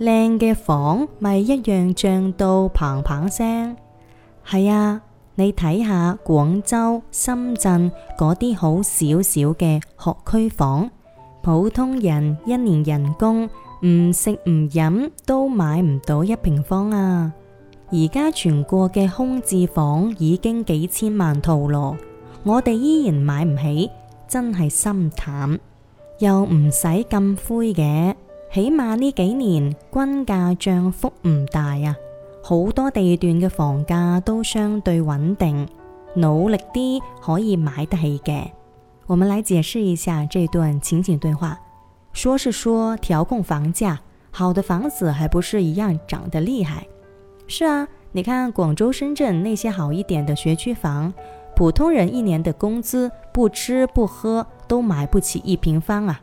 靚嘅房咪一樣漲到砰砰聲，係啊！你睇下廣州、深圳嗰啲好少少嘅學區房，普通人一年人工唔食唔飲都買唔到一平方啊！而家全國嘅空置房已經幾千萬套咯，我哋依然買唔起，真係心淡，又唔使咁灰嘅。起碼呢幾年均價漲幅唔大啊，好多地段嘅房價都相對穩定，努力啲可以買得起嘅。我們來解釋一下這段情景對話，說是說調控房價，好的房子還不是一樣漲得厲害？是啊，你看廣州、深圳那些好一點的學區房，普通人一年的工資不吃不喝都買不起一平方啊。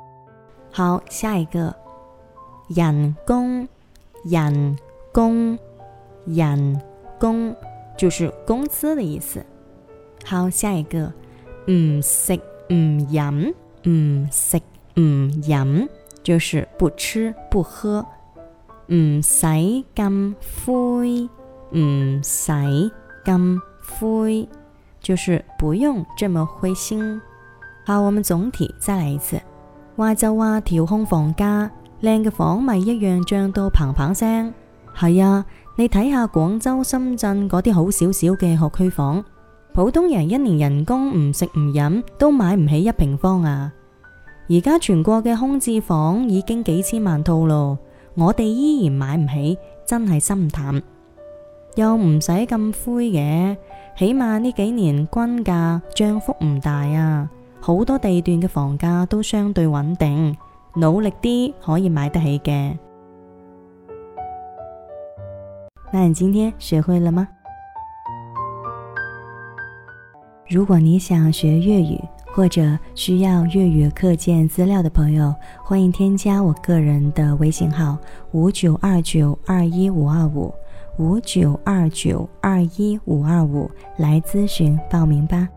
好，下一個，人工，人工，人工，就是工資的意思。好，下一個，唔食唔飲，唔食唔飲，就是不吃不喝。唔使咁灰，唔使咁灰，就是不用這麼灰心。好，我們總體再來一次。話就話調控房價，靚嘅房咪一樣漲到砰砰聲。係啊，你睇下廣州、深圳嗰啲好少少嘅學區房，普通人一年人工唔食唔飲都買唔起一平方啊！而家全國嘅空置房已經幾千萬套咯，我哋依然買唔起，真係心淡。又唔使咁灰嘅，起碼呢幾年均價漲幅唔大啊！好多地段嘅房價都相對穩定，努力啲可以買得起嘅。那你今天學會了嗎？如果你想學粵語或者需要粵語課件資料的朋友，歡迎添加我個人的微信號592921525，592921525，來諮詢報名吧。